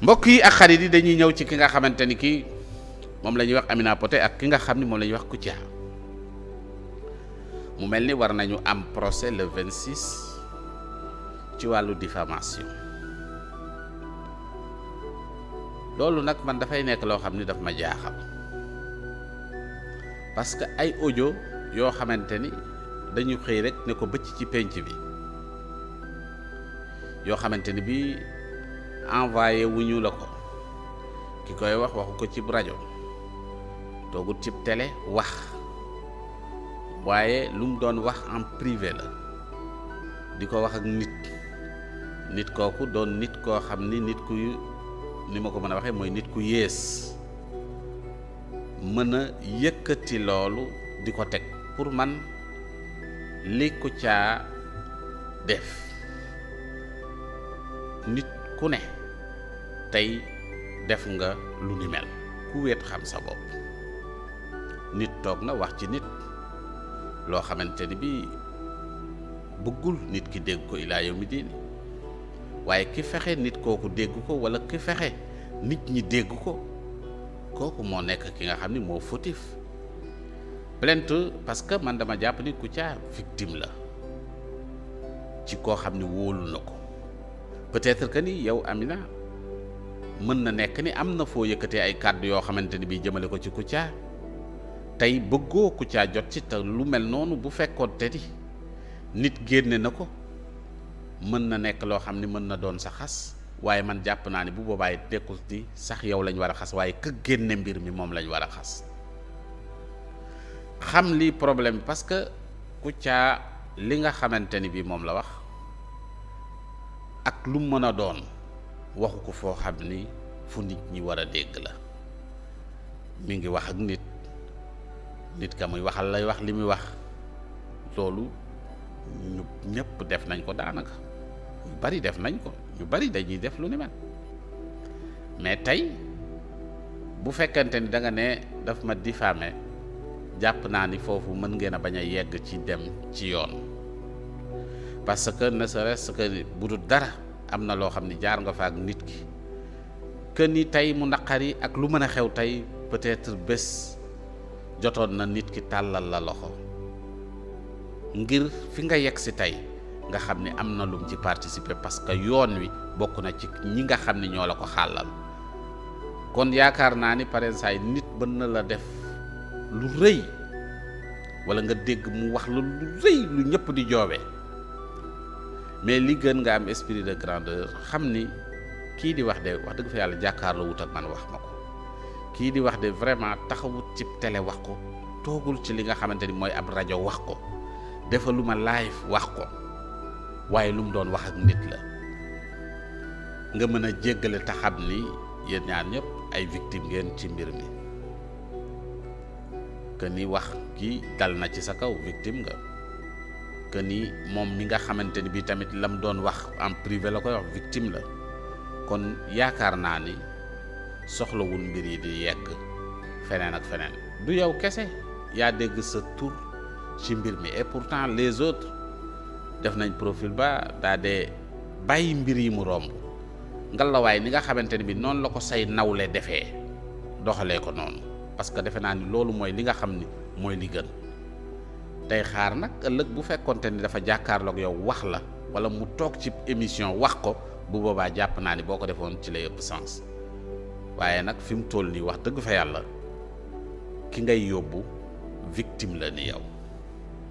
mbokk yi ak xarit yi dañuy ñëw ci ki nga xamante ni kii moom la ñuy wax Amina Poté ak ki nga xam ni moom la ñuy wax Kouthia mu mel ni war nañu am procès le 26 ci wàllu diffamation loolu nag man dafay nekk loo xam ni daf ma jaaxal parce que ay ojo yoo xamante ni dañu xëy rek ne ko bëcc ci pénc bi yoo xamante ni bii. envoyé wuñu la ko ki koy wax waxu ko cib rajo toogut cib tele wax waaye lum doon wax en privé la di ko wax ak nit nit kooku doon nit koo xam ni nit ku ni ma ko mën a waxee mooy nit ku yées mën a yëkkati loolu di ko teg pour man li Kouthia def nit ku ne tey def nga lu ni mel ku wéet xam sa bopp nit toog na wax ci nit loo xamante ni bii bëggul nit ki dégg ko ilaa yow mi diini waaye ki fexe nit kooku dégg ko wala ki fexe nit ñi dégg ko kooku moo nekk ki nga xam ni moo fautif plainte parce que man dama jàpp ni Kouthia victime la ci koo xam ni wóolu na ko peut-être que ni yow Amina mën na nekk ni am na foo yëkkatee ay kàddu yoo xamante ni bii jëmale ko ci Kouthia tey bëggoo Kouthia jot ci te lu mel noonu bu fekkoon te ni nit génne na ko mën na nekk loo xam ni mën na doon sa xas waaye man jàpp naa ne bu boobaay nekkul ni sax yow lañ war a xas waaye ka génne mbir mi moom lañ war a xas xam lii problème parce que Kouthia li nga xamante ni bii moom la wax. ak lu mën a doon waxu ko foo xam ni fu nit ñi war a dégg la mu ngi wax ak nit nit ka muy waxal lay wax li muy wax loolu ñu ñëpp def nañ ko daanaka ñu bari def nañ ko ñu bari ñuy def lu ni mel mais tey bu fekkente ni danga ne daf ma diffamé jàpp naa ni foofu mën ngeen a bañ a yegg ci dem ci yoon parce que ne serait-ce bu dul dara am na loo xam ni jaar nga fa ak nit ki que ni tey mu naqari ak lu mën a xew tey peut-être bés jotoon na nit ki tàllal la loxo ngir fi nga yegg si tey nga xam ni am na lum ci participer parce que yoon wi bokk na ci ñi nga xam ni ñoo la ko xàllal kon yaakaar naa ni parensaay nit mën na la def lu rëy wala nga dégg mu wax lu rëy lu ñëpp di joobe mais li gën nga am esprit de grandeur xam ni kii di wax de wax dëgg fa yàlla jàkkaarloo wut ak man wax ma ko kii di wax de vraiment taxawut cib tele wax ko toogul ci li nga xamante ni mooy ab rajo wax ko defaluma live wax ko waaye lu mu doon wax ak nit la nga mën a jéggale te xam ni yéen ñaar ñëpp ay victime ngeen ci mbir mi que ni wax kii dal na ci sa kaw victime nga. que ni moom mi nga xamante ni bi tamit lam doon wax en privé la ko wax victime la kon yaakaar naa ni soxlawul mbir yi di yegg feneen ak feneen du yow kese yaa dégg sa tur ci mbir mi et pourtant les autres def nañ profil ba daa bàyyi mbir yi mu romb ngalawaay ni nga xamante ni bi noonu la ko say nawle defee doxalee ko noonu parce que defe naa ni loolu mooy li nga xam ni mooy li gën tey xaar nag ëllëg bu fekkonte ni dafa jàkkaarloog yow wax la wala mu toog ci émission wax ko bu boobaa jàpp naa ni boo ko defoon ci lay ëpp sens waaye nag fi mu toll nii wax dëgg fa yàlla ki ngay yóbbu victim la ni yow.